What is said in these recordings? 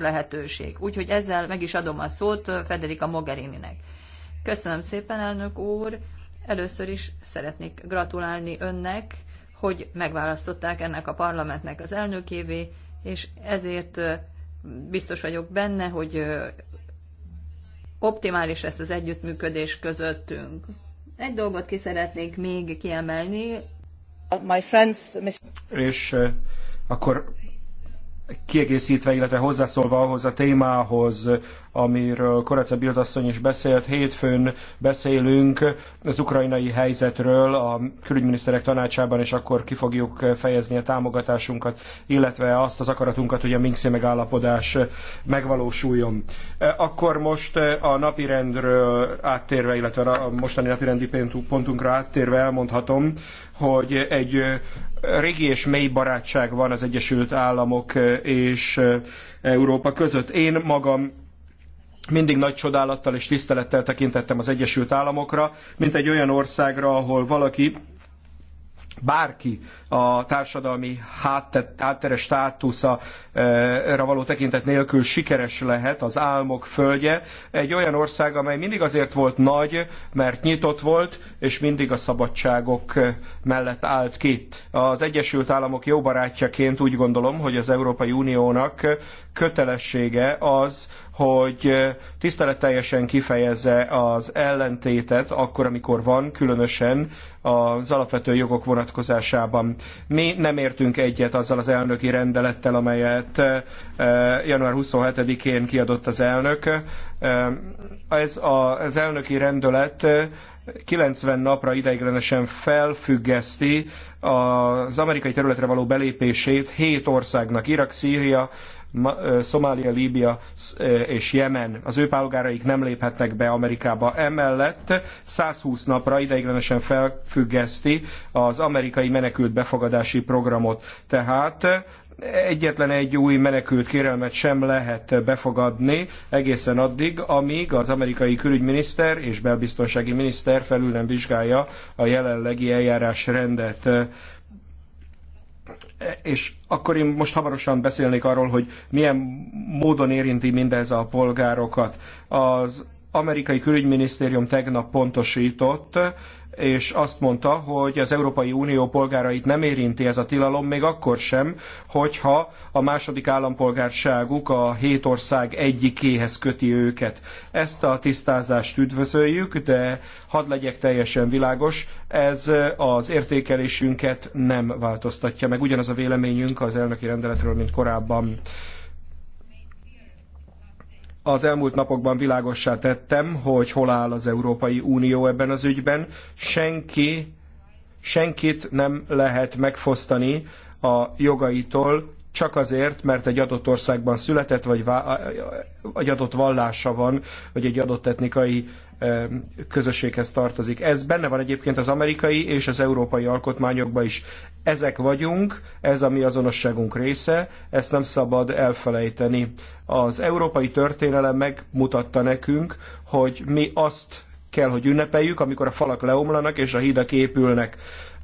lehetőség. Úgyhogy ezzel meg is adom a szót Federica Mogherininek. Köszönöm szépen, elnök úr! Először is szeretnék gratulálni önnek, hogy megválasztották ennek a parlamentnek az elnökévé, és ezért biztos vagyok benne, hogy optimális lesz az együttműködés közöttünk. Egy dolgot ki szeretnék még kiemelni. My friends, Miss... És akkor kiegészítve, illetve hozzászólva ahhoz a témához, amiről Koreca Bildasszony is beszélt. Hétfőn beszélünk az ukrajnai helyzetről a külügyminiszterek tanácsában, és akkor ki fogjuk fejezni a támogatásunkat, illetve azt az akaratunkat, hogy a Minxi megállapodás megvalósuljon. Akkor most a napirendről áttérve, illetve a mostani napirendi pontunkra áttérve elmondhatom, hogy egy régi és mély barátság van az Egyesült Államok és Európa között. Én magam mindig nagy csodálattal és tisztelettel tekintettem az Egyesült Államokra, mint egy olyan országra, ahol valaki bárki a társadalmi hátteres státuszra eh, való tekintet nélkül sikeres lehet az álmok földje. Egy olyan ország, amely mindig azért volt nagy, mert nyitott volt, és mindig a szabadságok eh, mellett állt ki. Az Egyesült Államok jó barátjaként úgy gondolom, hogy az Európai Uniónak kötelessége az, hogy tiszteletteljesen kifejezze az ellentétet akkor, amikor van, különösen az alapvető jogok vonatkozásában. Mi nem értünk egyet azzal az elnöki rendelettel, amelyet január 27-én kiadott az elnök. Ez az elnöki rendelet 90 napra ideiglenesen felfüggeszti az amerikai területre való belépését hét országnak, Irak, Szíria, Szomália, Líbia és Jemen. Az ő polgáraik nem léphetnek be Amerikába. Emellett 120 napra ideiglenesen felfüggeszti az amerikai menekült befogadási programot. Tehát egyetlen egy új menekült kérelmet sem lehet befogadni egészen addig, amíg az amerikai külügyminiszter és belbiztonsági miniszter felül nem vizsgálja a jelenlegi eljárásrendet. E, és akkor én most hamarosan beszélnék arról, hogy milyen módon érinti mindez a polgárokat. Az amerikai külügyminisztérium tegnap pontosított, és azt mondta, hogy az Európai Unió polgárait nem érinti ez a tilalom, még akkor sem, hogyha a második állampolgárságuk a hét ország egyikéhez köti őket. Ezt a tisztázást üdvözöljük, de hadd legyek teljesen világos, ez az értékelésünket nem változtatja meg. Ugyanaz a véleményünk az elnöki rendeletről, mint korábban az elmúlt napokban világossá tettem, hogy hol áll az Európai Unió ebben az ügyben. Senki, senkit nem lehet megfosztani a jogaitól, csak azért, mert egy adott országban született, vagy egy adott vallása van, vagy egy adott etnikai közösséghez tartozik. Ez benne van egyébként az amerikai és az európai alkotmányokban is. Ezek vagyunk, ez a mi azonosságunk része, ezt nem szabad elfelejteni. Az európai történelem megmutatta nekünk, hogy mi azt kell, hogy ünnepeljük, amikor a falak leomlanak és a hídak épülnek.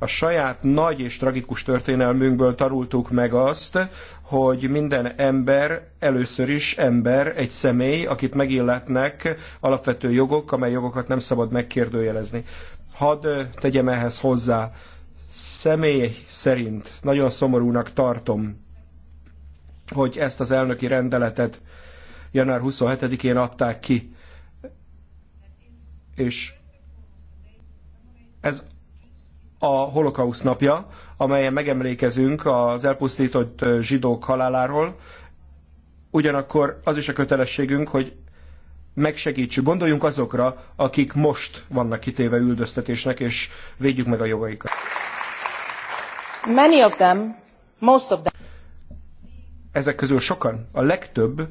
A saját nagy és tragikus történelmünkből tanultuk meg azt, hogy minden ember először is ember, egy személy, akit megilletnek alapvető jogok, amely jogokat nem szabad megkérdőjelezni. Hadd eh, tegyem ehhez hozzá, személy szerint nagyon szomorúnak tartom, hogy ezt az elnöki rendeletet január 27-én adták ki. És ez a holokausz napja, amelyen megemlékezünk az elpusztított zsidók haláláról. Ugyanakkor az is a kötelességünk, hogy megsegítsük, gondoljunk azokra, akik most vannak kitéve üldöztetésnek, és védjük meg a jogaikat. Many of them, most of them. Ezek közül sokan, a legtöbb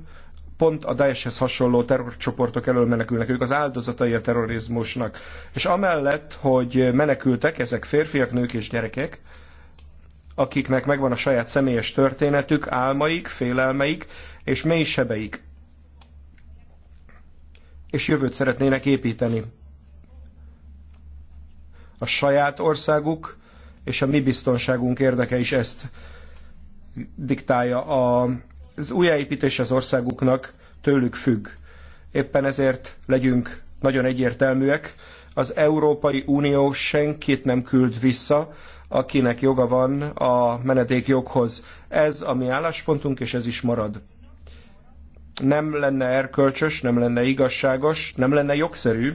pont a Daeshhez hasonló terrorcsoportok elől menekülnek, ők az áldozatai a terrorizmusnak. És amellett, hogy menekültek, ezek férfiak, nők és gyerekek, akiknek megvan a saját személyes történetük, álmaik, félelmeik és mély sebeik. És jövőt szeretnének építeni. A saját országuk és a mi biztonságunk érdeke is ezt diktálja a az újjáépítés az országuknak tőlük függ. Éppen ezért legyünk nagyon egyértelműek, az Európai Unió senkit nem küld vissza, akinek joga van a menedékjoghoz. Ez a mi álláspontunk, és ez is marad. Nem lenne erkölcsös, nem lenne igazságos, nem lenne jogszerű,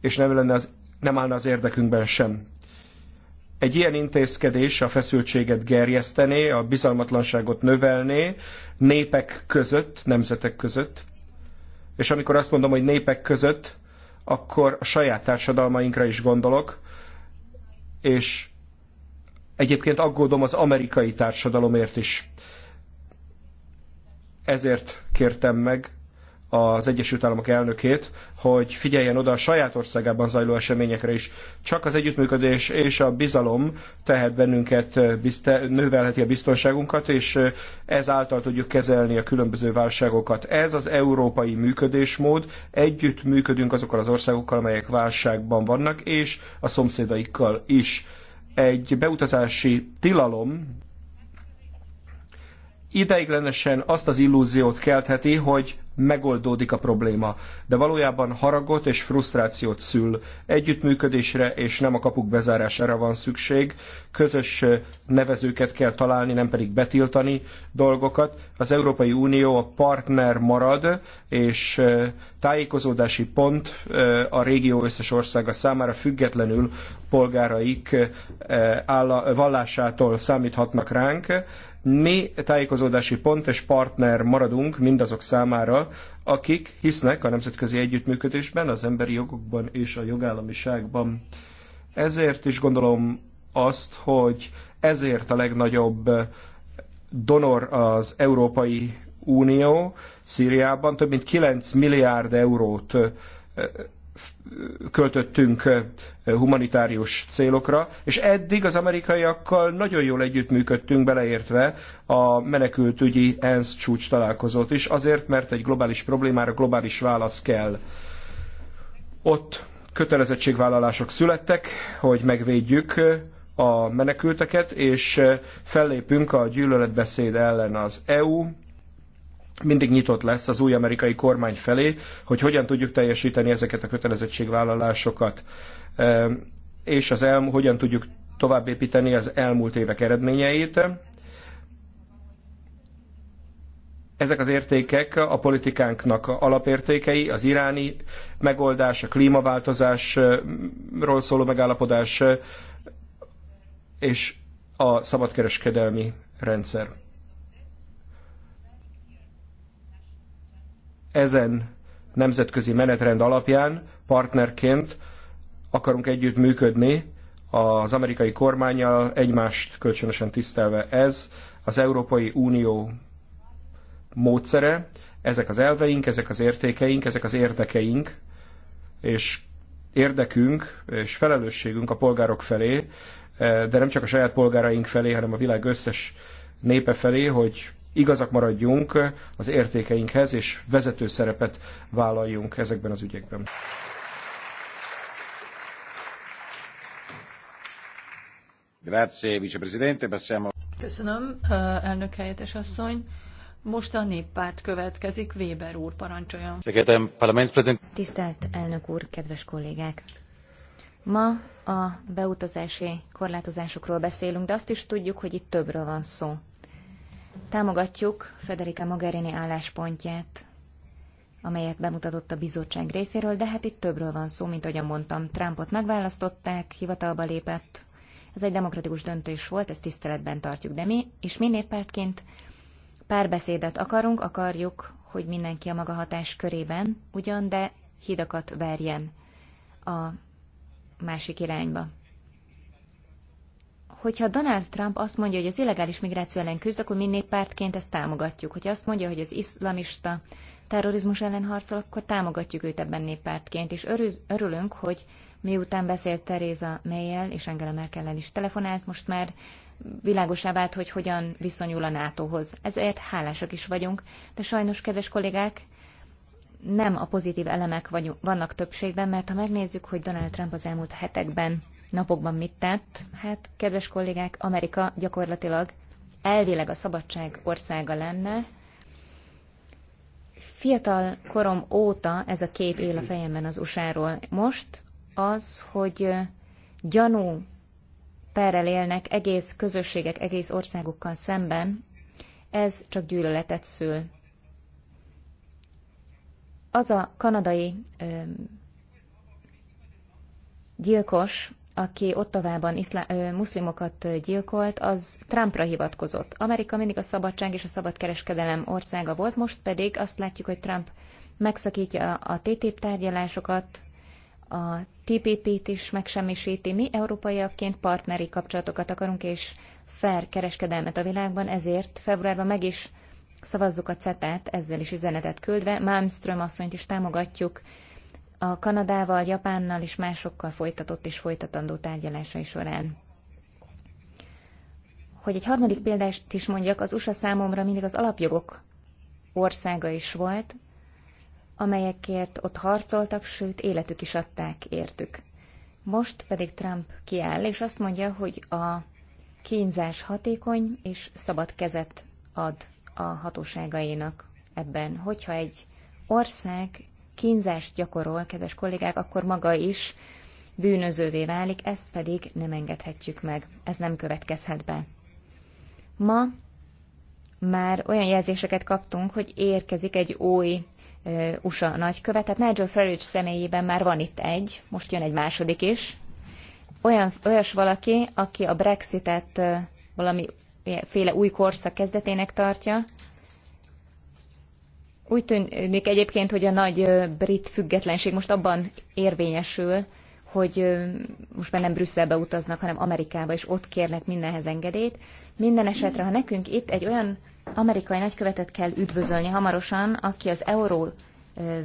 és nem, lenne az, nem állna az érdekünkben sem, egy ilyen intézkedés a feszültséget gerjesztené, a bizalmatlanságot növelné népek között, nemzetek között. És amikor azt mondom, hogy népek között, akkor a saját társadalmainkra is gondolok, és egyébként aggódom az amerikai társadalomért is. Ezért kértem meg az Egyesült Államok elnökét, hogy figyeljen oda a saját országában zajló eseményekre is. Csak az együttműködés és a bizalom tehet bennünket, növelheti a biztonságunkat, és ezáltal tudjuk kezelni a különböző válságokat. Ez az európai működésmód, együtt működünk azokkal az országokkal, amelyek válságban vannak, és a szomszédaikkal is. Egy beutazási tilalom, ideiglenesen azt az illúziót keltheti, hogy megoldódik a probléma. De valójában haragot és frusztrációt szül. Együttműködésre és nem a kapuk bezárására van szükség. Közös nevezőket kell találni, nem pedig betiltani dolgokat. Az Európai Unió a partner marad, és tájékozódási pont a régió összes országa számára függetlenül polgáraik vallásától számíthatnak ránk mi tájékozódási pont és partner maradunk mindazok számára, akik hisznek a nemzetközi együttműködésben, az emberi jogokban és a jogállamiságban. Ezért is gondolom azt, hogy ezért a legnagyobb donor az Európai Unió Szíriában. Több mint 9 milliárd eurót költöttünk humanitárius célokra, és eddig az amerikaiakkal nagyon jól együttműködtünk, beleértve a menekültügyi ENSZ csúcs találkozót is, azért, mert egy globális problémára globális válasz kell. Ott kötelezettségvállalások születtek, hogy megvédjük a menekülteket, és fellépünk a gyűlöletbeszéd ellen az EU, mindig nyitott lesz az új amerikai kormány felé, hogy hogyan tudjuk teljesíteni ezeket a kötelezettségvállalásokat és az elm, hogyan tudjuk továbbépíteni az elmúlt évek eredményeit. Ezek az értékek a politikánknak alapértékei, az iráni megoldás, a klímaváltozásról szóló megállapodás és a szabadkereskedelmi rendszer. Ezen nemzetközi menetrend alapján partnerként akarunk együtt működni az amerikai kormányjal, egymást kölcsönösen tisztelve ez az Európai Unió módszere, ezek az elveink, ezek az értékeink, ezek az érdekeink, és érdekünk és felelősségünk a polgárok felé, de nem csak a saját polgáraink felé, hanem a világ összes népe felé, hogy igazak maradjunk az értékeinkhez, és vezető szerepet vállaljunk ezekben az ügyekben. Köszönöm, elnök helyettes asszony. Most a néppárt következik, Weber úr parancsoljon. Tisztelt elnök úr, kedves kollégák! Ma a beutazási korlátozásokról beszélünk, de azt is tudjuk, hogy itt többről van szó. Támogatjuk Federica Mogherini álláspontját, amelyet bemutatott a bizottság részéről, de hát itt többről van szó, mint ahogyan mondtam. Trumpot megválasztották, hivatalba lépett, ez egy demokratikus döntés volt, ezt tiszteletben tartjuk, de mi, és mi néppártként párbeszédet akarunk, akarjuk, hogy mindenki a maga hatás körében ugyan, de hidakat verjen a másik irányba. Hogyha Donald Trump azt mondja, hogy az illegális migráció ellen küzd, akkor mi néppártként ezt támogatjuk. Hogyha azt mondja, hogy az iszlamista terrorizmus ellen harcol, akkor támogatjuk őt ebben néppártként, és örüz, örülünk, hogy miután beszélt Teréza Mayel és Angela Merkel-el is telefonált, most már világosá vált, hogy hogyan viszonyul a NATO-hoz. Ezért hálásak is vagyunk, de sajnos, kedves kollégák, nem a pozitív elemek vagyunk, vannak többségben, mert ha megnézzük, hogy Donald Trump az elmúlt hetekben, napokban mit tett, hát, kedves kollégák, Amerika gyakorlatilag elvileg a szabadság országa lenne, Fiatal korom óta ez a kép él a fejemben az usa Most az, hogy gyanú perrel élnek egész közösségek, egész országokkal szemben, ez csak gyűlöletet szül. Az a kanadai ö, gyilkos, aki Ottavában iszlá- ö, muszlimokat gyilkolt, az Trumpra hivatkozott. Amerika mindig a szabadság és a szabadkereskedelem országa volt, most pedig azt látjuk, hogy Trump megszakítja a, TTIP tárgyalásokat, a TPP-t is megsemmisíti. Mi európaiakként partneri kapcsolatokat akarunk, és fair kereskedelmet a világban, ezért februárban meg is szavazzuk a Cetet, ezzel is üzenetet küldve. Malmström asszonyt is támogatjuk, a Kanadával, Japánnal és másokkal folytatott és folytatandó tárgyalásai során. Hogy egy harmadik példást is mondjak, az USA számomra mindig az alapjogok országa is volt, amelyekért ott harcoltak, sőt életük is adták értük. Most pedig Trump kiáll, és azt mondja, hogy a kínzás hatékony és szabad kezet ad a hatóságainak ebben. Hogyha egy ország kínzást gyakorol, kedves kollégák, akkor maga is bűnözővé válik, ezt pedig nem engedhetjük meg. Ez nem következhet be. Ma már olyan jelzéseket kaptunk, hogy érkezik egy új ö, USA nagykövet, tehát Nigel Farage személyében már van itt egy, most jön egy második is. Olyan, olyas valaki, aki a Brexitet ö, valami féle új korszak kezdetének tartja, úgy tűnik egyébként, hogy a nagy brit függetlenség most abban érvényesül, hogy most már nem Brüsszelbe utaznak, hanem Amerikába, és ott kérnek mindenhez engedélyt. Minden esetre, ha nekünk itt egy olyan amerikai nagykövetet kell üdvözölni hamarosan, aki az euró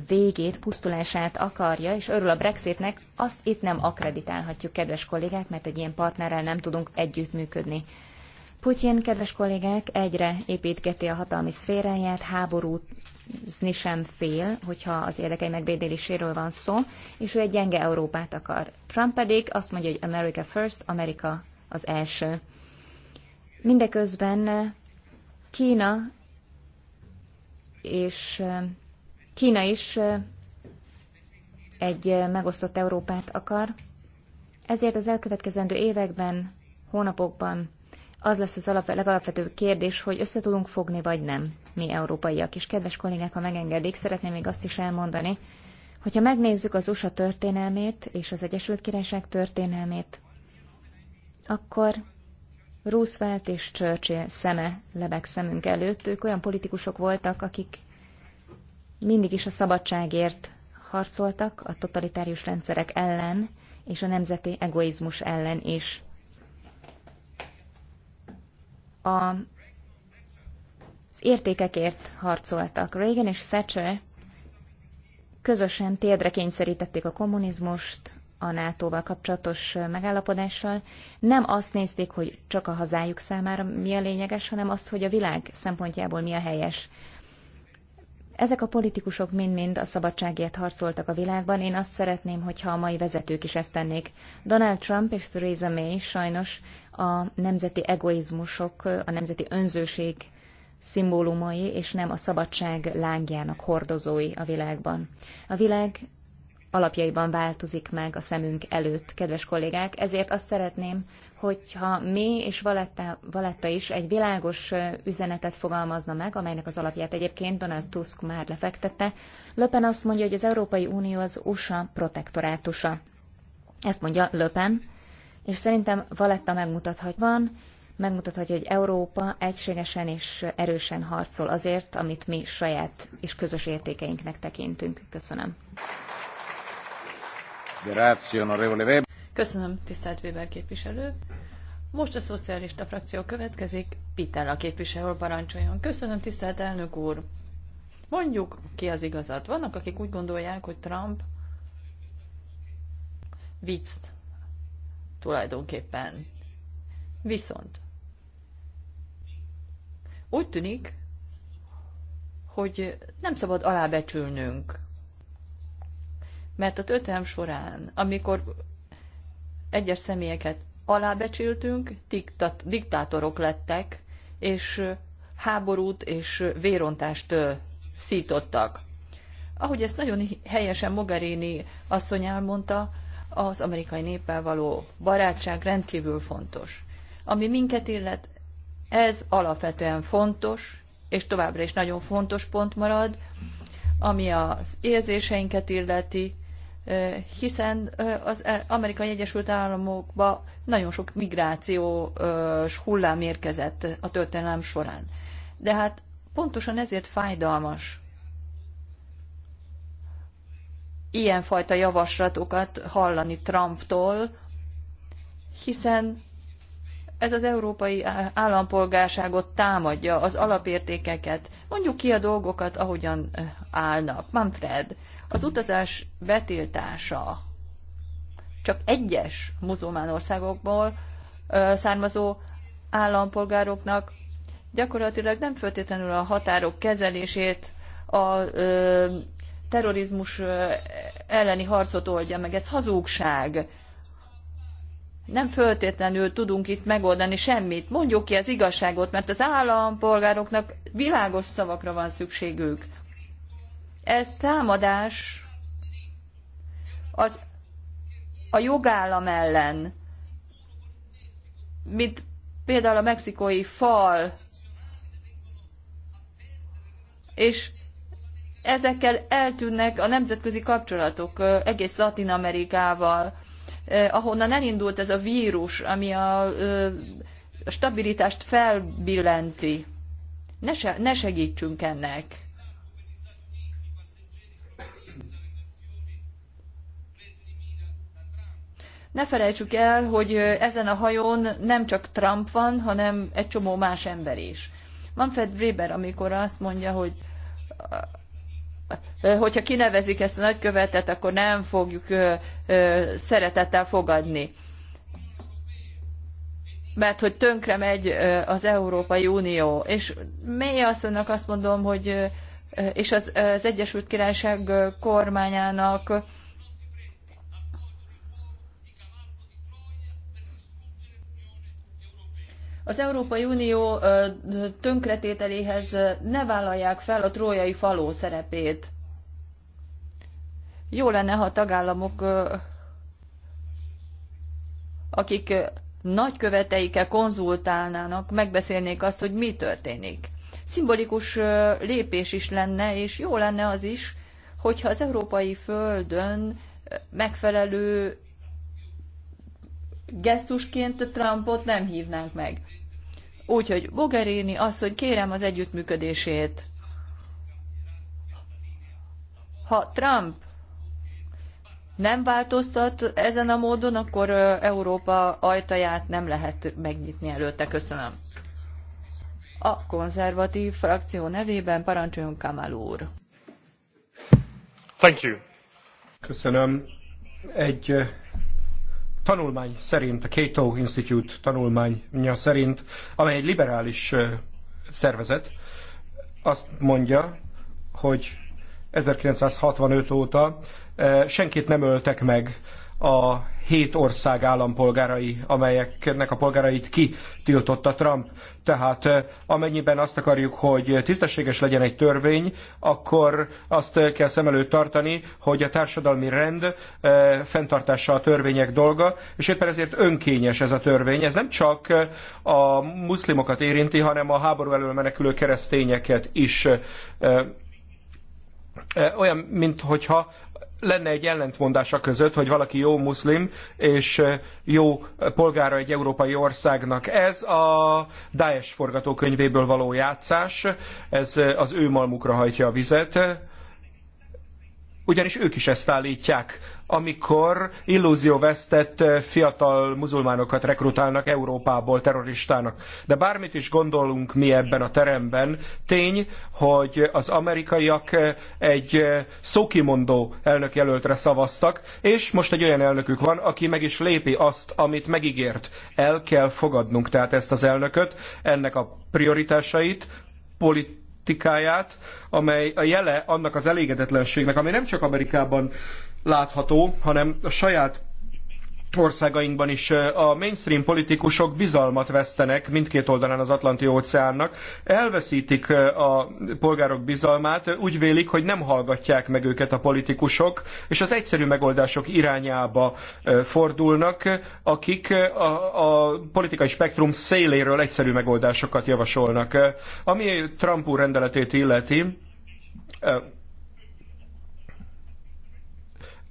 végét, pusztulását akarja, és örül a Brexitnek, azt itt nem akreditálhatjuk, kedves kollégák, mert egy ilyen partnerrel nem tudunk együttműködni. Putyin, kedves kollégák, egyre építgeti a hatalmi szféráját, háborút, sem fél, hogyha az érdekei megvédéléséről van szó, és ő egy gyenge Európát akar. Trump pedig azt mondja, hogy America first, Amerika az első. Mindeközben Kína és Kína is egy megosztott Európát akar, ezért az elkövetkezendő években, hónapokban az lesz az alap, legalapvetőbb kérdés, hogy össze tudunk fogni, vagy nem, mi európaiak. És kedves kollégák, ha megengedik, szeretném még azt is elmondani, hogyha megnézzük az USA történelmét és az Egyesült Királyság történelmét, akkor Roosevelt és Churchill szeme lebeg szemünk előtt. Ők olyan politikusok voltak, akik mindig is a szabadságért harcoltak, a totalitárius rendszerek ellen és a nemzeti egoizmus ellen is a, az értékekért harcoltak. Reagan és Thatcher közösen térdre kényszerítették a kommunizmust, a NATO-val kapcsolatos megállapodással. Nem azt nézték, hogy csak a hazájuk számára mi a lényeges, hanem azt, hogy a világ szempontjából mi a helyes. Ezek a politikusok mind-mind a szabadságért harcoltak a világban, én azt szeretném, hogyha a mai vezetők is ezt tennék. Donald Trump és Theresa May sajnos a nemzeti egoizmusok, a nemzeti önzőség szimbólumai, és nem a szabadság lángjának hordozói a világban. A világ alapjaiban változik meg a szemünk előtt, kedves kollégák, ezért azt szeretném, hogyha mi és Valetta, Valetta is egy világos üzenetet fogalmazna meg, amelynek az alapját egyébként Donald Tusk már lefektette. Löpen azt mondja, hogy az Európai Unió az USA protektorátusa. Ezt mondja Löpen, és szerintem Valetta megmutathat van, megmutathatja, hogy Európa egységesen és erősen harcol azért, amit mi saját és közös értékeinknek tekintünk. Köszönöm. Köszönöm, tisztelt Weber képviselő. Most a szocialista frakció következik, Pitella képviselő parancsoljon. Köszönöm, tisztelt elnök úr. Mondjuk ki az igazat. Vannak, akik úgy gondolják, hogy Trump vicc tulajdonképpen. Viszont úgy tűnik, hogy nem szabad alábecsülnünk. Mert a történelm során, amikor egyes személyeket alábecsültünk, diktat, diktátorok lettek, és háborút és vérontást szítottak. Ahogy ezt nagyon helyesen Mogherini asszony elmondta, az amerikai néppel való barátság rendkívül fontos. Ami minket illet, ez alapvetően fontos, és továbbra is nagyon fontos pont marad, ami az érzéseinket illeti, hiszen az e- Amerikai Egyesült Államokba nagyon sok migrációs hullám érkezett a történelem során. De hát pontosan ezért fájdalmas ilyenfajta javaslatokat hallani Trumptól, hiszen ez az európai állampolgárságot támadja, az alapértékeket. Mondjuk ki a dolgokat, ahogyan állnak. Manfred, az utazás betiltása csak egyes muzulmán országokból származó állampolgároknak gyakorlatilag nem feltétlenül a határok kezelését, a terrorizmus elleni harcot oldja meg. Ez hazugság. Nem föltétlenül tudunk itt megoldani semmit. Mondjuk ki az igazságot, mert az állampolgároknak világos szavakra van szükségük. Ez támadás az a jogállam ellen, mint például a mexikói fal, és ezekkel eltűnnek a nemzetközi kapcsolatok egész Latin Amerikával, ahonnan elindult ez a vírus, ami a stabilitást felbillenti. Ne, se, ne segítsünk ennek. Ne felejtsük el, hogy ezen a hajón nem csak Trump van, hanem egy csomó más ember is. Manfred Weber, amikor azt mondja, hogy hogyha kinevezik ezt a nagykövetet, akkor nem fogjuk szeretettel fogadni. Mert hogy tönkre megy az Európai Unió. És mély asszonynak azt mondom, hogy és az, az Egyesült Királyság kormányának az Európai Unió tönkretételéhez ne vállalják fel a trójai faló szerepét. Jó lenne, ha a tagállamok, akik nagyköveteikkel konzultálnának, megbeszélnék azt, hogy mi történik. Szimbolikus lépés is lenne, és jó lenne az is, hogyha az európai földön megfelelő gesztusként Trumpot nem hívnánk meg. Úgyhogy Bogerini asszony, kérem az együttműködését. Ha Trump nem változtat ezen a módon, akkor Európa ajtaját nem lehet megnyitni előtte. Köszönöm. A konzervatív frakció nevében parancsoljon Kamal úr. Thank you. Köszönöm. Egy tanulmány szerint, a Cato Institute tanulmánya szerint, amely egy liberális szervezet, azt mondja, hogy 1965 óta senkit nem öltek meg a hét ország állampolgárai, amelyeknek a polgárait kitiltotta Trump. Tehát amennyiben azt akarjuk, hogy tisztességes legyen egy törvény, akkor azt kell szem előtt tartani, hogy a társadalmi rend fenntartása a törvények dolga, és éppen ezért önkényes ez a törvény. Ez nem csak a muszlimokat érinti, hanem a háború elől menekülő keresztényeket is olyan, mint hogyha lenne egy ellentmondás a között, hogy valaki jó muszlim és eh, jó polgára egy európai országnak. Ez a Daesh forgatókönyvéből való játszás, ez eh, az ő malmukra hajtja a vizet ugyanis ők is ezt állítják, amikor illúzióvesztett eh, fiatal muzulmánokat rekrutálnak Európából terroristának. De bármit is gondolunk mi ebben a teremben, tény, hogy az amerikaiak eh, egy eh, szókimondó elnökjelöltre szavaztak, és most egy olyan elnökük van, aki meg is lépi azt, amit megígért. El kell fogadnunk tehát ezt az elnököt, ennek a prioritásait, politikai politikáját, amely a jele annak az elégedetlenségnek, ami nem csak Amerikában látható, hanem a saját országainkban is a mainstream politikusok bizalmat vesztenek mindkét oldalán az Atlanti-óceánnak, elveszítik a polgárok bizalmát, úgy vélik, hogy nem hallgatják meg őket a politikusok, és az egyszerű megoldások irányába fordulnak, akik a, a politikai spektrum széléről egyszerű megoldásokat javasolnak. Ami Trump úr rendeletét illeti,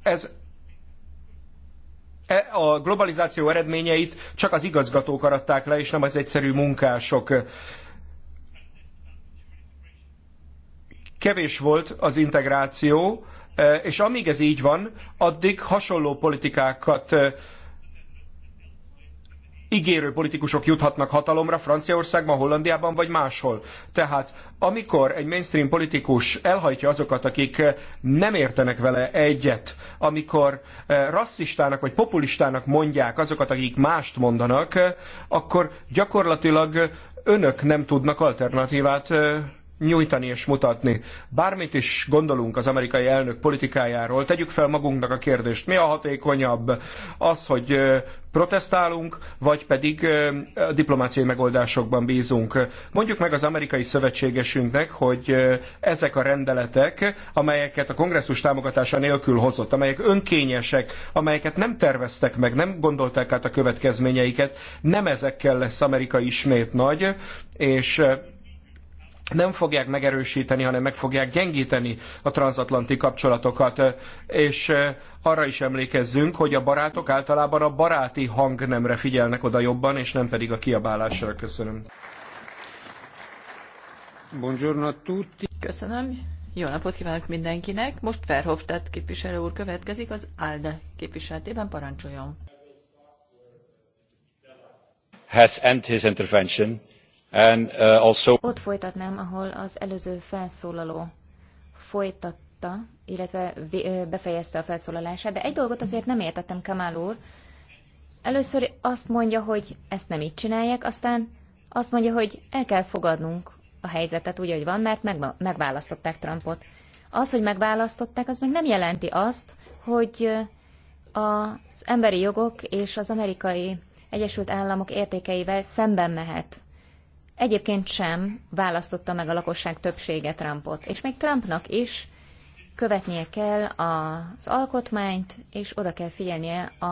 ez E, a globalizáció eredményeit csak az igazgatók aratták le, és nem az egyszerű munkások. Kevés volt az integráció, e, és amíg ez így van, addig hasonló politikákat e, ígérő politikusok juthatnak hatalomra Franciaországban, Hollandiában vagy máshol. Tehát amikor egy mainstream politikus elhajtja azokat, akik eh, nem értenek vele egyet, amikor eh, rasszistának vagy populistának mondják azokat, akik mást mondanak, eh, akkor gyakorlatilag önök nem tudnak alternatívát nyújtani és mutatni. Bármit is gondolunk az amerikai elnök politikájáról, tegyük fel magunknak a kérdést, mi a hatékonyabb? Az, hogy protestálunk, vagy pedig diplomáciai megoldásokban bízunk. Mondjuk meg az amerikai szövetségesünknek, hogy ezek a rendeletek, amelyeket a kongresszus támogatása nélkül hozott, amelyek önkényesek, amelyeket nem terveztek meg, nem gondolták át a következményeiket, nem ezekkel lesz Amerika ismét nagy, és nem fogják megerősíteni, hanem meg fogják gyengíteni a transatlanti kapcsolatokat. És arra is emlékezzünk, hogy a barátok általában a baráti hangnemre figyelnek oda jobban, és nem pedig a kiabálásra. Köszönöm. Buongiorno a tutti. Köszönöm. Jó napot kívánok mindenkinek. Most Verhofstadt képviselő úr következik az ALDE képviseletében. Parancsoljon. Has end his intervention. Uh, Ott folytatnám, ahol az előző felszólaló folytatta, illetve befejezte a felszólalását, de egy dolgot azért nem értettem, Kamál úr. Először azt mondja, hogy ezt nem így csinálják, aztán azt mondja, hogy el kell fogadnunk a helyzetet úgy, hogy van, mert megválasztották Trumpot. Az, hogy megválasztották, az még nem jelenti azt, hogy az emberi jogok és az amerikai Egyesült Államok értékeivel szemben mehet Egyébként sem választotta meg a lakosság többsége Trumpot, és még Trumpnak is követnie kell az alkotmányt, és oda kell figyelnie a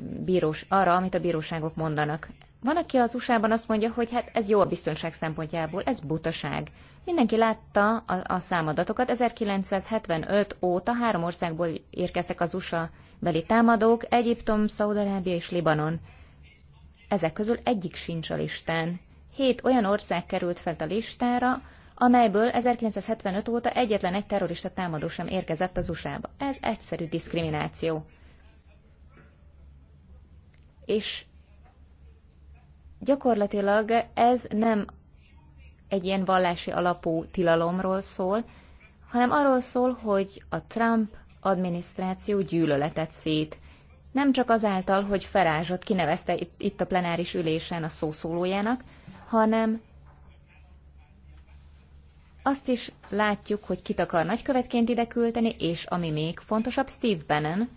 bírós, arra, amit a bíróságok mondanak. Van, aki az USA-ban azt mondja, hogy hát ez jó a biztonság szempontjából, ez butaság. Mindenki látta a, a számadatokat, 1975 óta három országból érkeztek az USA beli támadók, Egyiptom, Szaudarábia és Libanon. Ezek közül egyik sincs a listán. Hét olyan ország került fel a listára, amelyből 1975 óta egyetlen egy terrorista támadó sem érkezett az USA-ba. Ez egyszerű diszkrimináció. És gyakorlatilag ez nem egy ilyen vallási alapú tilalomról szól, hanem arról szól, hogy a Trump adminisztráció gyűlöletet szét nem csak azáltal, hogy Ferázsot kinevezte itt a plenáris ülésen a szószólójának, hanem azt is látjuk, hogy kit akar nagykövetként ide küldeni, és ami még fontosabb, Steve Bannon,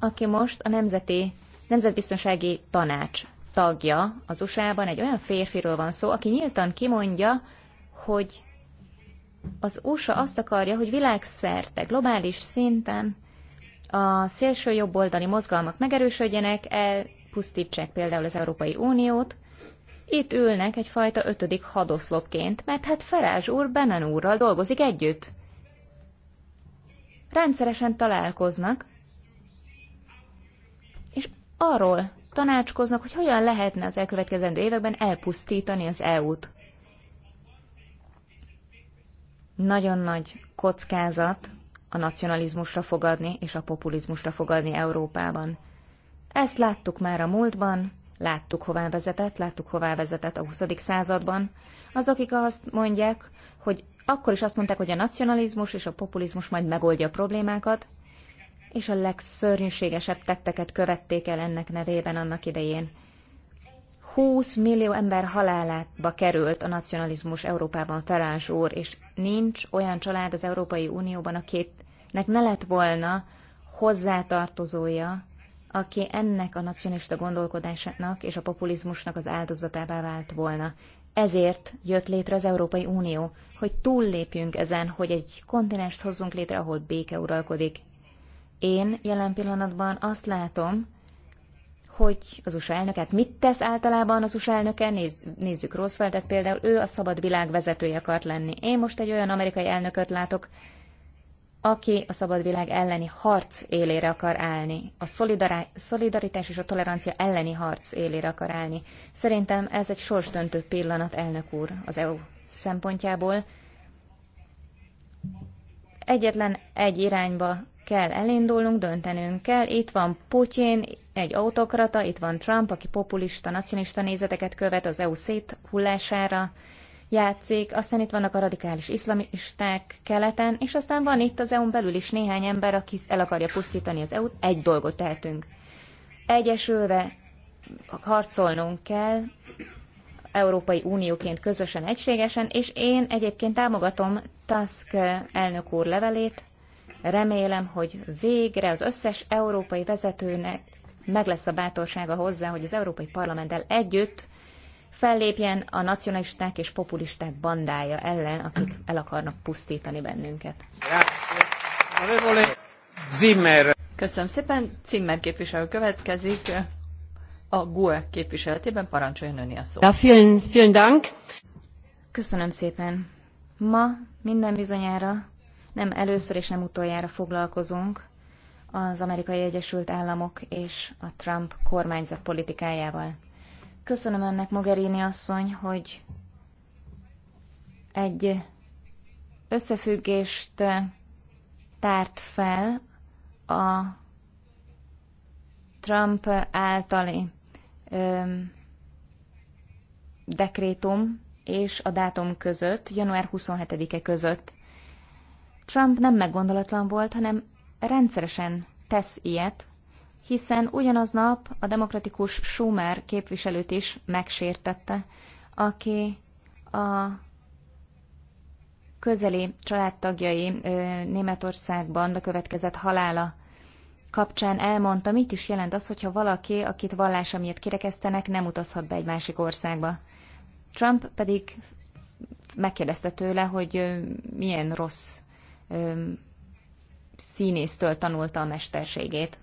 aki most a Nemzeti Nemzetbiztonsági Tanács tagja az USA-ban. Egy olyan férfiről van szó, aki nyíltan kimondja, hogy az USA azt akarja, hogy világszerte, globális szinten a szélső jobboldali mozgalmak megerősödjenek, elpusztítsák például az Európai Uniót, itt ülnek egyfajta ötödik hadoszlopként, mert hát Ferázs úr Benen úrral dolgozik együtt. Rendszeresen találkoznak, és arról tanácskoznak, hogy hogyan lehetne az elkövetkezendő években elpusztítani az EU-t. Nagyon nagy kockázat a nacionalizmusra fogadni és a populizmusra fogadni Európában. Ezt láttuk már a múltban, láttuk hová vezetett, láttuk hová vezetett a 20. században. Az, akik azt mondják, hogy akkor is azt mondták, hogy a nacionalizmus és a populizmus majd megoldja a problémákat, és a legszörnyűségesebb tetteket követték el ennek nevében annak idején. 20 millió ember halálába került a nacionalizmus Európában, Feráns úr, és nincs olyan család az Európai Unióban, akinek ne lett volna hozzátartozója, aki ennek a nacionalista gondolkodásnak és a populizmusnak az áldozatává vált volna. Ezért jött létre az Európai Unió, hogy túllépjünk ezen, hogy egy kontinenst hozzunk létre, ahol béke uralkodik. Én jelen pillanatban azt látom, hogy az USA elnöket mit tesz általában az USA elnöke, Nézz, nézzük Rooseveltet például, ő a szabad világ vezetője akart lenni. Én most egy olyan amerikai elnököt látok, aki a szabad világ elleni harc élére akar állni, a szolidaritás és a tolerancia elleni harc élére akar állni. Szerintem ez egy sorsdöntő pillanat, elnök úr, az EU szempontjából. Egyetlen egy irányba kell elindulnunk, döntenünk kell. Itt van Putyin, egy autokrata, itt van Trump, aki populista, nacionalista nézeteket követ, az EU széthullására játszik, aztán itt vannak a radikális iszlamisták keleten, és aztán van itt az EU-n belül is néhány ember, aki el akarja pusztítani az EU-t. Egy dolgot tehetünk. Egyesülve harcolnunk kell, Európai Unióként közösen, egységesen, és én egyébként támogatom Tusk elnök úr levelét, Remélem, hogy végre az összes európai vezetőnek meg lesz a bátorsága hozzá, hogy az Európai Parlamenttel együtt fellépjen a nacionalisták és populisták bandája ellen, akik el akarnak pusztítani bennünket. Zimmer. Köszönöm szépen. Zimmer képviselő következik. A GUE képviseletében parancsoljon önni a szó. Ja, vielen, vielen Dank. Köszönöm szépen. Ma minden bizonyára nem először és nem utoljára foglalkozunk az Amerikai Egyesült Államok és a Trump kormányzat politikájával. Köszönöm önnek, Mogherini asszony, hogy egy összefüggést tárt fel a Trump általi öm, dekrétum és a dátum között, január 27-e között. Trump nem meggondolatlan volt, hanem rendszeresen tesz ilyet, hiszen ugyanaznap a demokratikus Schumer képviselőt is megsértette, aki a közeli családtagjai Németországban bekövetkezett halála kapcsán elmondta, mit is jelent az, hogyha valaki, akit vallása miatt kirekesztenek, nem utazhat be egy másik országba. Trump pedig megkérdezte tőle, hogy milyen rossz színésztől tanulta a mesterségét.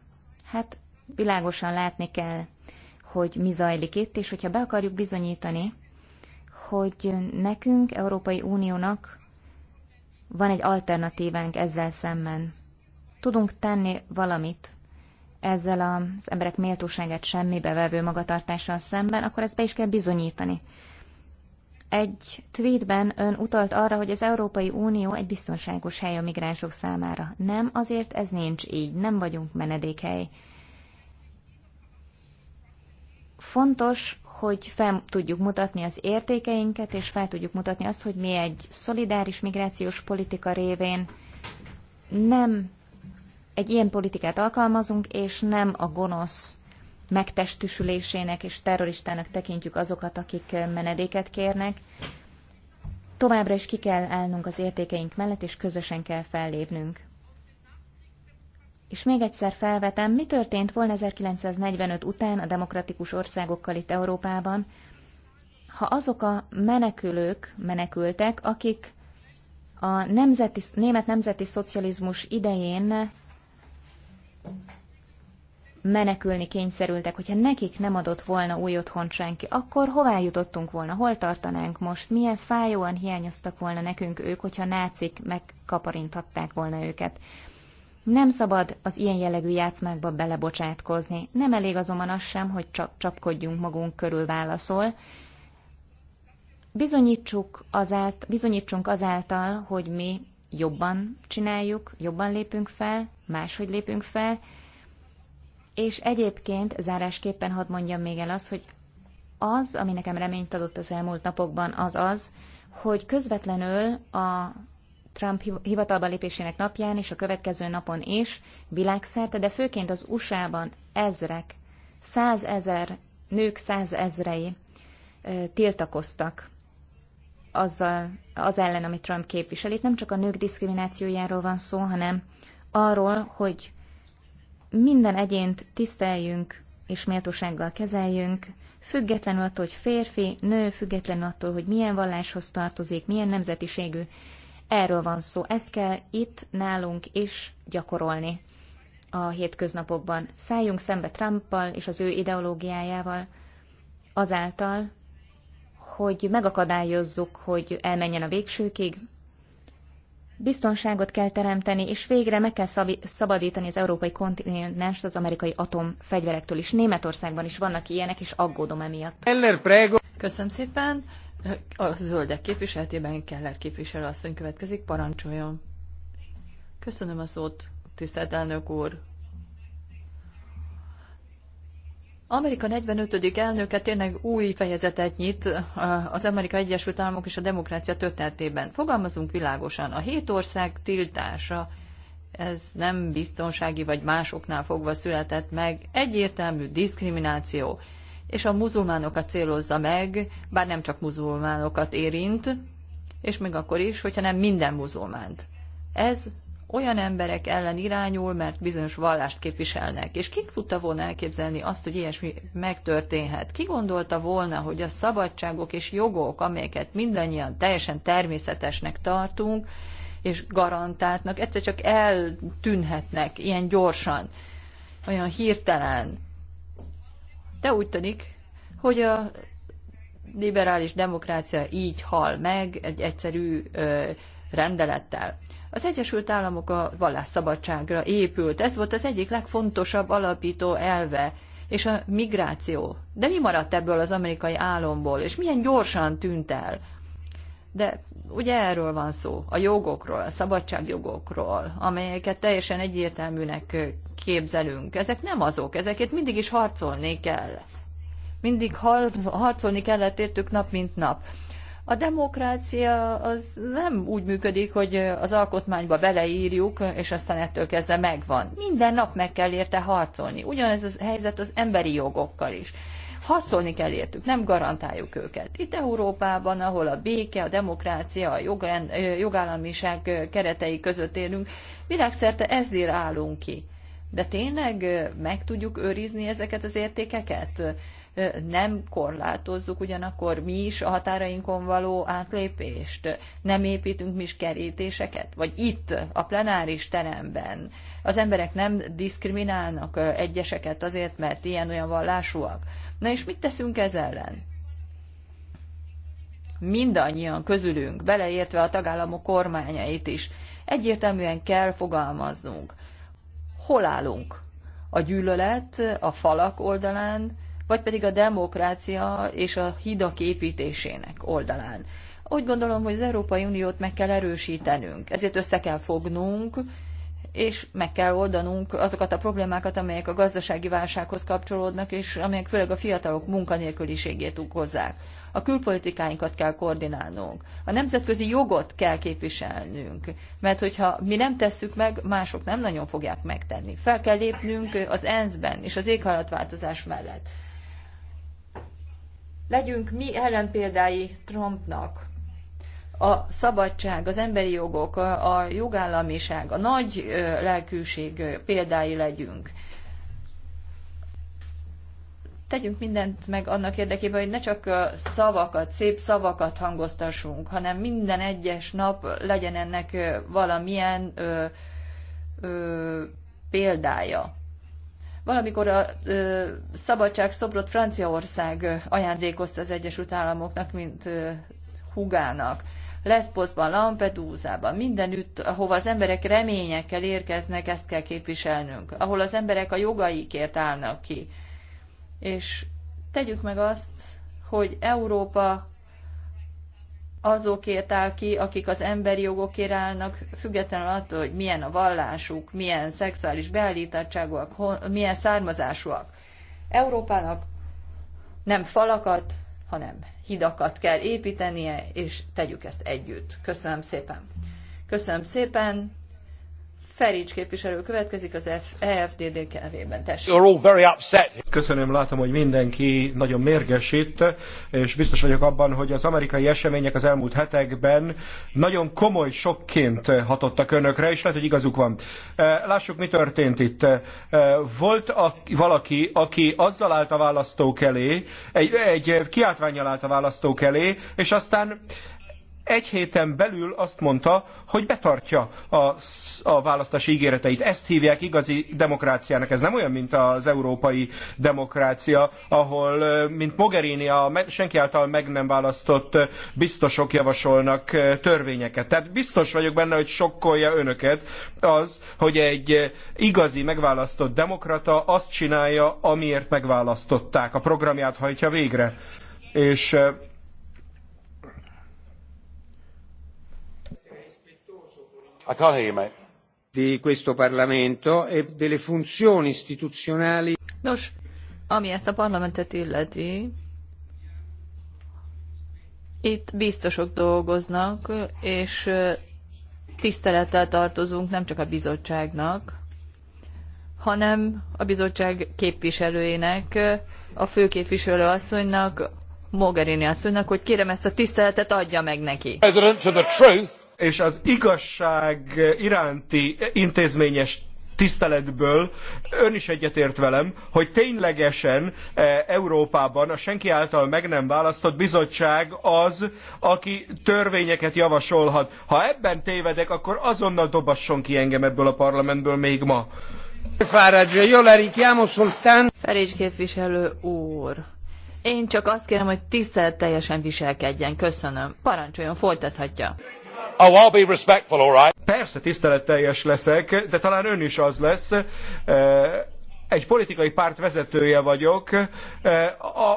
Hát világosan látni kell, hogy mi zajlik itt, és hogyha be akarjuk bizonyítani, hogy nekünk, Európai Uniónak van egy alternatívánk ezzel szemben. Tudunk tenni valamit ezzel az emberek méltóságát semmibe vevő magatartással szemben, akkor ezt be is kell bizonyítani. Egy tweetben ön utalt arra, hogy az Európai Unió egy biztonságos hely a migránsok számára. Nem, azért ez nincs így, nem vagyunk menedékhely. Fontos, hogy fel tudjuk mutatni az értékeinket, és fel tudjuk mutatni azt, hogy mi egy szolidáris migrációs politika révén nem egy ilyen politikát alkalmazunk, és nem a gonosz megtestüsülésének és terroristának tekintjük azokat, akik menedéket kérnek. Továbbra is ki kell állnunk az értékeink mellett, és közösen kell fellépnünk. És még egyszer felvetem, mi történt volna 1945 után a demokratikus országokkal itt Európában, ha azok a menekülők menekültek, akik a nemzeti, német nemzeti szocializmus idején menekülni kényszerültek, hogyha nekik nem adott volna új otthon senki, akkor hová jutottunk volna, hol tartanánk most, milyen fájóan hiányoztak volna nekünk ők, hogyha nácik megkaparintatták volna őket. Nem szabad az ilyen jellegű játszmákba belebocsátkozni. Nem elég azonban az sem, hogy csak csapkodjunk magunk körül válaszol. Bizonyítsuk azált, bizonyítsunk azáltal, hogy mi jobban csináljuk, jobban lépünk fel, máshogy lépünk fel, és egyébként zárásképpen hadd mondjam még el azt, hogy az, ami nekem reményt adott az elmúlt napokban, az az, hogy közvetlenül a Trump hivatalba lépésének napján és a következő napon is világszerte, de főként az USA-ban ezrek, százezer, nők százezrei tiltakoztak azzal, az ellen, amit Trump képvisel. Itt nem csak a nők diszkriminációjáról van szó, hanem arról, hogy minden egyént tiszteljünk és méltósággal kezeljünk, függetlenül attól, hogy férfi, nő, függetlenül attól, hogy milyen valláshoz tartozik, milyen nemzetiségű. Erről van szó. Ezt kell itt, nálunk is gyakorolni a hétköznapokban. Szálljunk szembe Trumpal és az ő ideológiájával, azáltal, hogy megakadályozzuk, hogy elmenjen a végsőkig, Biztonságot kell teremteni, és végre meg kell szabadítani az európai kontinens az amerikai atomfegyverektől is. Németországban is vannak ilyenek, és aggódom emiatt. Keller, prego. Köszönöm szépen. A zöldek képviseletében Keller képviselő asszony következik, parancsoljon. Köszönöm a szót, tisztelt elnök úr. Amerika 45. elnöke tényleg új fejezetet nyit az Amerika Egyesült Államok és a demokrácia történetében. Fogalmazunk világosan, a hét ország tiltása ez nem biztonsági vagy másoknál fogva született meg, egyértelmű diszkrimináció, és a muzulmánokat célozza meg, bár nem csak muzulmánokat érint, és még akkor is, hogyha nem minden muzulmánt. Ez olyan emberek ellen irányul, mert bizonyos vallást képviselnek. És ki tudta volna elképzelni azt, hogy ilyesmi megtörténhet? Ki gondolta volna, hogy a szabadságok és jogok, amelyeket mindannyian teljesen természetesnek tartunk, és garantáltnak, egyszer csak eltűnhetnek ilyen gyorsan, olyan hirtelen. De úgy tűnik, hogy a liberális demokrácia így hal meg egy egyszerű ö, rendelettel. Az Egyesült Államok a vallásszabadságra épült. Ez volt az egyik legfontosabb alapító elve, és a migráció. De mi maradt ebből az amerikai álomból, és milyen gyorsan tűnt el? De ugye erről van szó, a jogokról, a szabadságjogokról, amelyeket teljesen egyértelműnek képzelünk. Ezek nem azok, ezeket mindig is harcolni kell. Mindig harcolni kellett értük nap mint nap. A demokrácia az nem úgy működik, hogy az alkotmányba beleírjuk, és aztán ettől kezdve megvan. Minden nap meg kell érte harcolni. Ugyanez a helyzet az emberi jogokkal is. Haszolni kell értük, nem garantáljuk őket. Itt Európában, ahol a béke, a demokrácia, a jogrend, jogállamiság keretei között élünk, világszerte ezért állunk ki. De tényleg meg tudjuk őrizni ezeket az értékeket? nem korlátozzuk ugyanakkor mi is a határainkon való átlépést, nem építünk mi is kerítéseket, vagy itt, a plenáris teremben az emberek nem diszkriminálnak egyeseket azért, mert ilyen-olyan vallásúak. Na és mit teszünk ez ellen? mindannyian közülünk, beleértve a tagállamok kormányait is, egyértelműen kell fogalmaznunk. Hol állunk? A gyűlölet a falak oldalán, vagy pedig a demokrácia és a hidak építésének oldalán. Úgy gondolom, hogy az Európai Uniót meg kell erősítenünk, ezért össze kell fognunk, és meg kell oldanunk azokat a problémákat, amelyek a gazdasági válsághoz kapcsolódnak, és amelyek főleg a fiatalok munkanélküliségét okozzák. A külpolitikáinkat kell koordinálnunk. A nemzetközi jogot kell képviselnünk, mert hogyha mi nem tesszük meg, mások nem nagyon fogják megtenni. Fel kell lépnünk az ENSZ-ben és az éghajlatváltozás mellett legyünk mi ellenpéldái Trumpnak. A szabadság, az emberi jogok, a jogállamiság, a nagy lelkűség példái legyünk. Tegyünk mindent meg annak érdekében, hogy ne csak szavakat, szép szavakat hangoztassunk, hanem minden egyes nap legyen ennek valamilyen ö, ö, példája. Valamikor a ö, szobrot Franciaország ajándékozta az Egyesült Államoknak, mint ö, hugának. Leszposzban, Lampedúzában, mindenütt, ahova az emberek reményekkel érkeznek, ezt kell képviselnünk. Ahol az emberek a jogaikért állnak ki. És tegyük meg azt, hogy Európa azokért áll ki, akik az emberi jogokért állnak, függetlenül attól, hogy milyen a vallásuk, milyen szexuális beállítottságúak, milyen származásúak. Európának nem falakat, hanem hidakat kell építenie, és tegyük ezt együtt. Köszönöm szépen. Köszönöm szépen, Ferics képviselő következik az EFDD kevében. Tessék. Köszönöm, látom, hogy mindenki nagyon mérges itt, és biztos vagyok abban, hogy az amerikai események az elmúlt hetekben nagyon komoly sokként hatottak önökre, és lehet, hogy igazuk van. E, lássuk, mi történt itt. E, volt a, valaki, aki azzal állt a választók elé, egy, egy kiáltványjal állt a választók elé, és aztán egy héten belül azt mondta, hogy betartja a, a választási ígéreteit. Ezt hívják igazi demokráciának. Ez nem olyan, mint az európai demokrácia, ahol, mint Mogherini, a senki által meg nem választott biztosok javasolnak törvényeket. Tehát biztos vagyok benne, hogy sokkolja önöket az, hogy egy igazi megválasztott demokrata azt csinálja, amiért megválasztották. A programját hajtja végre. És I Di questo Parlamento e delle funzioni istituzionali. Nos, ami ezt a parlamentet illeti, itt biztosok dolgoznak, és tisztelettel tartozunk nem csak a bizottságnak, hanem a bizottság képviselőjének, a főképviselő asszonynak, Mogherini asszonynak, hogy kérem ezt a tiszteletet adja meg neki. President, to the truth, és az igazság iránti intézményes tiszteletből ön is egyetért velem, hogy ténylegesen eh, Európában a senki által meg nem választott bizottság az, aki törvényeket javasolhat. Ha ebben tévedek, akkor azonnal dobasson ki engem ebből a parlamentből még ma. Ferics képviselő úr, én csak azt kérem, hogy tiszteletteljesen viselkedjen. Köszönöm. Parancsoljon, folytathatja. Oh, I'll be respectful, all right. Persze tiszteletteljes leszek, de talán ön is az lesz. Egy politikai párt vezetője vagyok, a,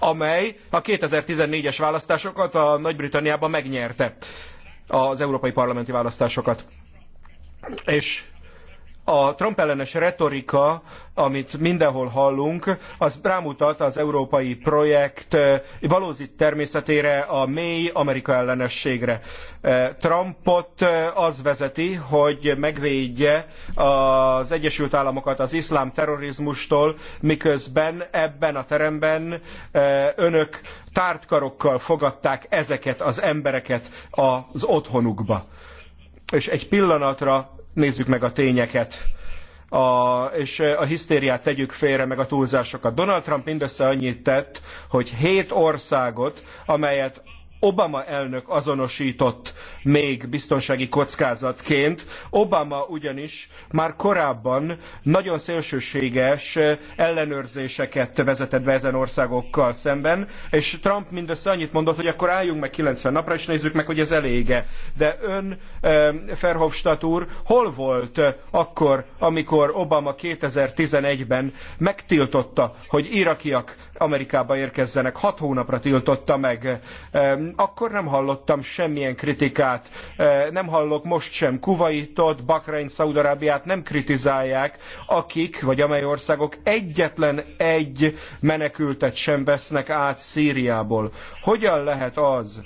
amely a 2014-es választásokat a Nagy-Britanniában megnyerte az európai parlamenti választásokat. És a Trump ellenes retorika, amit mindenhol hallunk, az rámutat az európai projekt valózi természetére, a mély Amerika ellenességre. Trumpot az vezeti, hogy megvédje az Egyesült Államokat az iszlám terrorizmustól, miközben ebben a teremben önök tártkarokkal fogadták ezeket az embereket az otthonukba. És egy pillanatra nézzük meg a tényeket, a, és a hisztériát tegyük félre, meg a túlzásokat. Donald Trump mindössze annyit tett, hogy hét országot, amelyet Obama elnök azonosított még biztonsági kockázatként. Obama ugyanis már korábban nagyon szélsőséges eh, ellenőrzéseket vezetett be ezen országokkal szemben, és Trump mindössze annyit mondott, hogy akkor álljunk meg 90 napra, és nézzük meg, hogy ez elége. De ön, eh, Ferhofstadt úr, hol volt eh, akkor, amikor Obama 2011-ben megtiltotta, hogy irakiak Amerikába érkezzenek? Hat hónapra tiltotta meg akkor nem hallottam semmilyen kritikát. E, nem hallok most sem Kuwaitot, Bahrein, Szaudarábiát nem kritizálják, akik vagy amely országok egyetlen egy menekültet sem vesznek át Szíriából. Hogyan lehet az,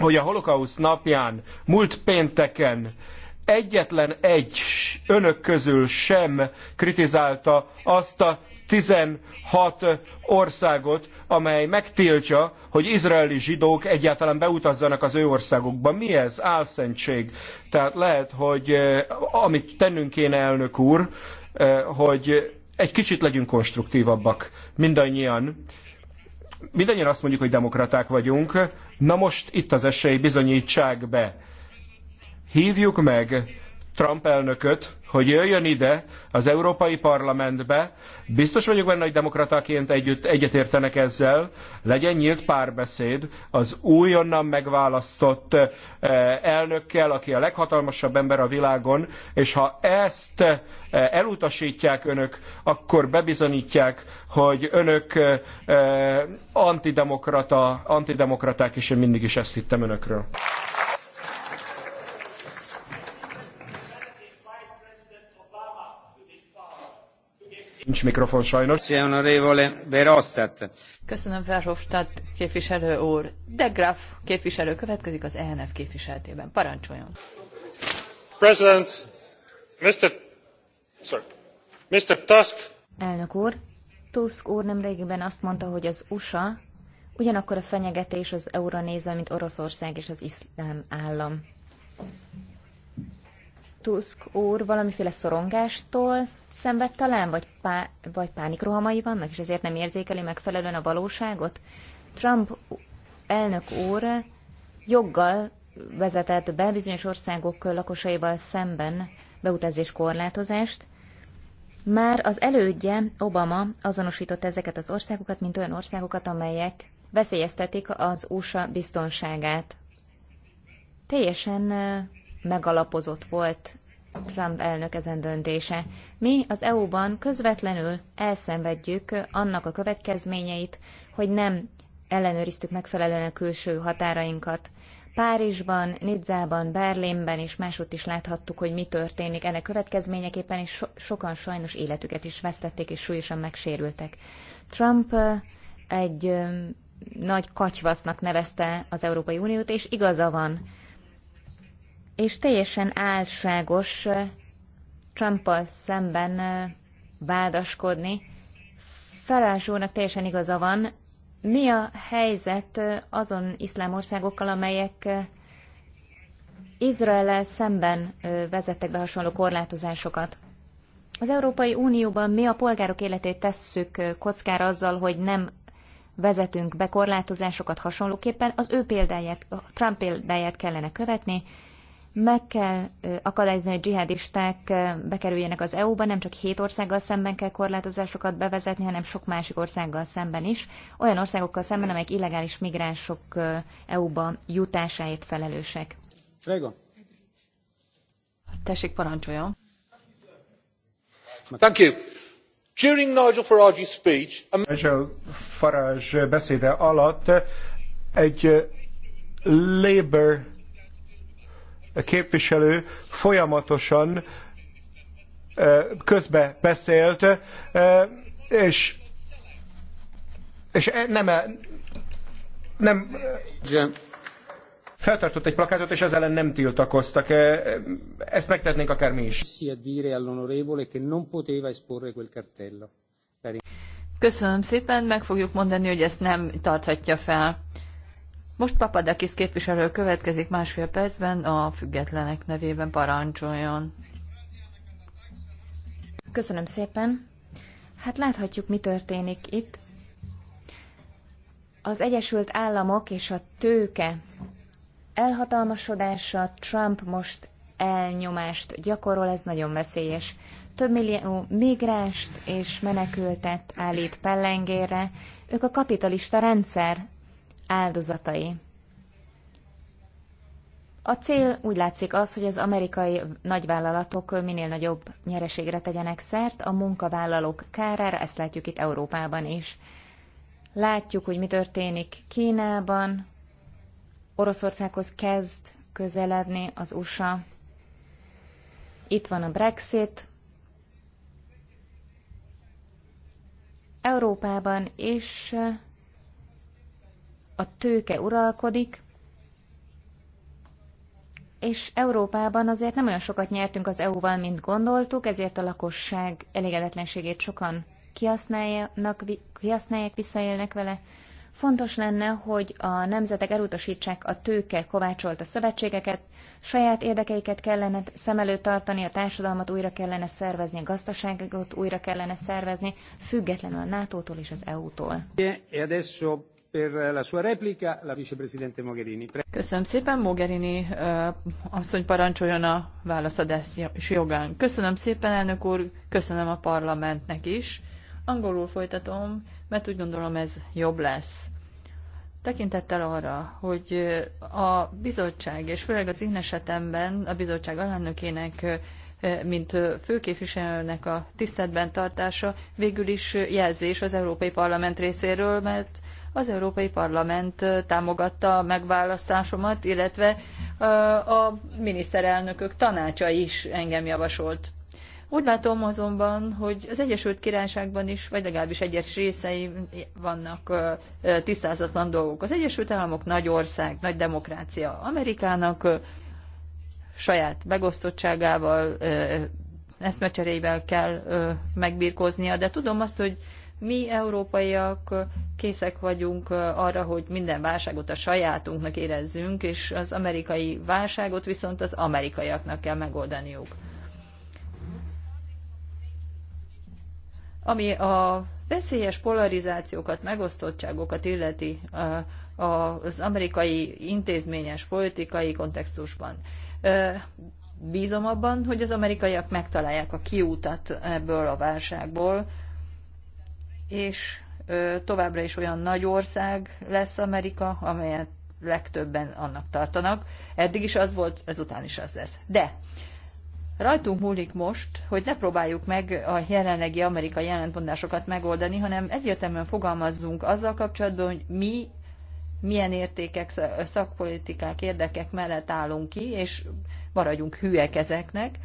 hogy a holokausz napján, múlt pénteken egyetlen egy önök közül sem kritizálta azt a 16 országot, amely megtiltja, hogy izraeli zsidók egyáltalán beutazzanak az ő országukba. Mi ez? Álszentség. Tehát lehet, hogy eh, amit tennünk kéne, elnök úr, eh, hogy egy kicsit legyünk konstruktívabbak. Mindannyian. Mindannyian azt mondjuk, hogy demokraták vagyunk. Na most itt az esély, bizonyítsák be. Hívjuk meg Trump elnököt, hogy jöjjön ide az Európai Parlamentbe. Biztos vagyok benne, hogy demokrataként együtt egyetértenek ezzel. Legyen nyílt párbeszéd az újonnan megválasztott eh, elnökkel, aki a leghatalmasabb ember a világon, és ha ezt eh, elutasítják önök, akkor bebizonyítják, hogy önök eh, antidemokrata, antidemokraták, és én mindig is ezt hittem önökről. Nincs mikrofon sajnos. Köszönöm Verhofstadt képviselő úr. De Graf képviselő következik az ENF képviseltében. Parancsoljon. President, Mr. Sorry. Mr. Tusk. Elnök úr, Tusk úr nemrégiben azt mondta, hogy az USA ugyanakkor a fenyegetés az euróra nézve, mint Oroszország és az iszlám állam. Tusk úr valamiféle szorongástól szenved talán, vagy, pá- vagy pánikrohamai vannak, és ezért nem érzékeli megfelelően a valóságot? Trump elnök úr joggal vezetett be bizonyos országok lakosaival szemben beutazés korlátozást. Már az elődje, Obama azonosította ezeket az országokat, mint olyan országokat, amelyek veszélyeztetik az USA biztonságát. Teljesen megalapozott volt Trump elnök ezen döntése. Mi az EU-ban közvetlenül elszenvedjük annak a következményeit, hogy nem ellenőriztük megfelelően a külső határainkat. Párizsban, Nidzában, Berlinben és máshogy is láthattuk, hogy mi történik. Ennek következményeképpen és so- sokan sajnos életüket is vesztették, és súlyosan megsérültek. Trump egy nagy kacsvasznak nevezte az Európai Uniót, és igaza van és teljesen álságos Trumpal szemben vádaskodni. Farázs úrnak teljesen igaza van. Mi a helyzet azon iszlám országokkal, amelyek izrael szemben vezettek be hasonló korlátozásokat? Az Európai Unióban mi a polgárok életét tesszük kockára azzal, hogy nem vezetünk be korlátozásokat hasonlóképpen, az ő példáját, Trump példáját kellene követni, meg kell akadályozni, hogy dzsihadisták bekerüljenek az EU-ba, nem csak hét országgal szemben kell korlátozásokat bevezetni, hanem sok másik országgal szemben is, olyan országokkal szemben, amelyek illegális migránsok EU-ba jutásáért felelősek. Rego. Tessék, parancsoljon. Thank you. During Nigel Farage's speech... Nigel Farage beszéde alatt egy Labour képviselő folyamatosan közbe beszélt, és, és nem, e, nem feltartott egy plakátot, és ezzel ellen nem tiltakoztak. Ezt megtetnénk akár mi is. Köszönöm szépen, meg fogjuk mondani, hogy ezt nem tarthatja fel. Most Papadakis képviselő következik másfél percben, a függetlenek nevében parancsoljon. Köszönöm szépen. Hát láthatjuk, mi történik itt. Az Egyesült Államok és a tőke elhatalmasodása Trump most elnyomást gyakorol, ez nagyon veszélyes. Több millió migrást és menekültet állít pellengére, ők a kapitalista rendszer áldozatai. A cél úgy látszik az, hogy az amerikai nagyvállalatok minél nagyobb nyereségre tegyenek szert a munkavállalók kárára, ezt látjuk itt Európában is. Látjuk, hogy mi történik Kínában, Oroszországhoz kezd közeledni az USA. Itt van a Brexit. Európában is a tőke uralkodik, és Európában azért nem olyan sokat nyertünk az EU-val, mint gondoltuk, ezért a lakosság elégedetlenségét sokan kihasználnak, kihasználják, visszaélnek vele. Fontos lenne, hogy a nemzetek elutasítsák a tőke kovácsolt a szövetségeket, saját érdekeiket kellene szem előtt tartani, a társadalmat újra kellene szervezni, a gazdaságot újra kellene szervezni, függetlenül a NATO-tól és az EU-tól. E per la sua replica la vicepresidente Mogherini. Pre Köszönöm szépen, Mogherini uh, asszony parancsoljon a válaszadási jogán. Köszönöm szépen, elnök úr, köszönöm a parlamentnek is. Angolul folytatom, mert úgy gondolom ez jobb lesz. Tekintettel arra, hogy a bizottság, és főleg az én esetemben a bizottság alelnökének, mint főképviselőnek a tiszteletben tartása végül is jelzés az Európai Parlament részéről, mert az Európai Parlament támogatta a megválasztásomat, illetve a miniszterelnökök tanácsa is engem javasolt. Úgy látom azonban, hogy az Egyesült Királyságban is, vagy legalábbis egyes részei vannak tisztázatlan dolgok. Az Egyesült Államok nagy ország, nagy demokrácia. Amerikának saját megosztottságával, eszmecseréivel kell megbírkoznia, de tudom azt, hogy mi európaiak készek vagyunk arra, hogy minden válságot a sajátunknak érezzünk, és az amerikai válságot viszont az amerikaiaknak kell megoldaniuk. Ami a veszélyes polarizációkat, megosztottságokat illeti az amerikai intézményes politikai kontextusban, bízom abban, hogy az amerikaiak megtalálják a kiútat ebből a válságból, és továbbra is olyan nagy ország lesz Amerika, amelyet legtöbben annak tartanak. Eddig is az volt, ezután is az lesz. De rajtunk múlik most, hogy ne próbáljuk meg a jelenlegi amerikai jelentmondásokat megoldani, hanem egyértelműen fogalmazzunk azzal kapcsolatban, hogy mi milyen értékek, szakpolitikák, érdekek mellett állunk ki, és maradjunk hülyek ezeknek,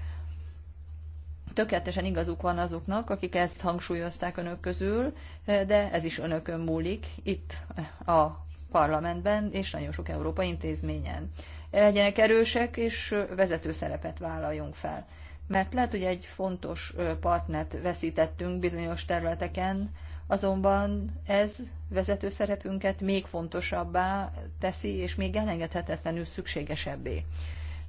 tökéletesen igazuk van azoknak, akik ezt hangsúlyozták önök közül, de ez is önökön múlik itt a parlamentben és nagyon sok európai intézményen. Legyenek erősek és vezető szerepet vállaljunk fel. Mert lehet, hogy egy fontos partnert veszítettünk bizonyos területeken, azonban ez vezető szerepünket még fontosabbá teszi, és még elengedhetetlenül szükségesebbé.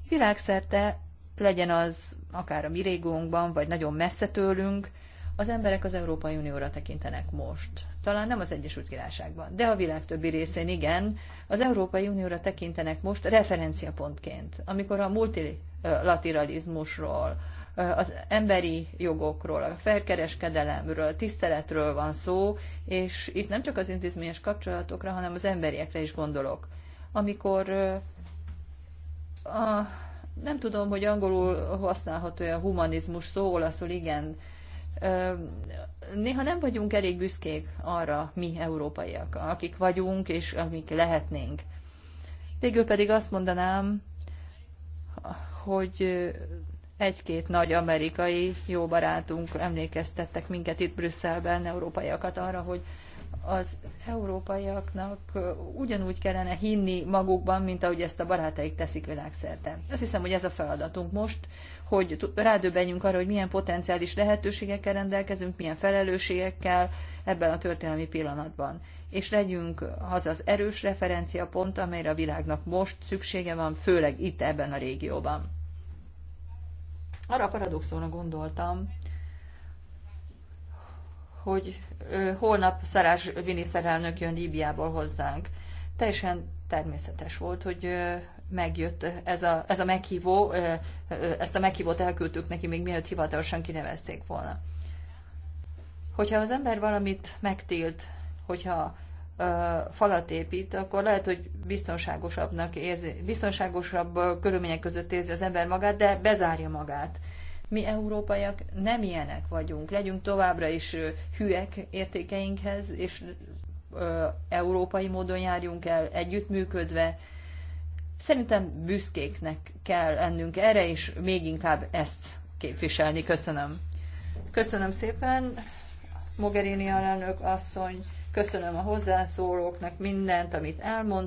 Világszerte legyen az akár a mi régónkban, vagy nagyon messze tőlünk, az emberek az Európai Unióra tekintenek most. Talán nem az Egyesült Királyságban, de a világ többi részén igen, az Európai Unióra tekintenek most referenciapontként. Amikor a multilateralizmusról, az emberi jogokról, a felkereskedelemről, tiszteletről van szó, és itt nem csak az intézményes kapcsolatokra, hanem az emberiekre is gondolok. Amikor a nem tudom, hogy angolul használható a humanizmus szó, olaszul igen. Néha nem vagyunk elég büszkék arra mi európaiak, akik vagyunk és amik lehetnénk. Végül pedig azt mondanám, hogy egy-két nagy amerikai jó barátunk emlékeztettek minket itt Brüsszelben, európaiakat arra, hogy az európaiaknak ugyanúgy kellene hinni magukban, mint ahogy ezt a barátaik teszik világszerte. Azt hiszem, hogy ez a feladatunk most, hogy rádöbbenjünk arra, hogy milyen potenciális lehetőségekkel rendelkezünk, milyen felelősségekkel ebben a történelmi pillanatban. És legyünk az az erős referenciapont, amelyre a világnak most szüksége van, főleg itt ebben a régióban. Arra a paradoxonra gondoltam, hogy holnap Szarás miniszterelnök jön Líbiából hozzánk. Teljesen természetes volt, hogy megjött ez a, ez a meghívó, ezt a meghívót elküldtük neki, még mielőtt hivatalosan kinevezték volna. Hogyha az ember valamit megtilt, hogyha falat épít, akkor lehet, hogy biztonságosabbnak érzi, biztonságosabb körülmények között érzi az ember magát, de bezárja magát. Mi európaiak nem ilyenek vagyunk. Legyünk továbbra is hülyek értékeinkhez, és európai módon járjunk el, együttműködve. Szerintem büszkéknek kell lennünk erre, és még inkább ezt képviselni. Köszönöm. Köszönöm szépen, Mogherini alelnök asszony, köszönöm a hozzászólóknak mindent, amit elmondtam.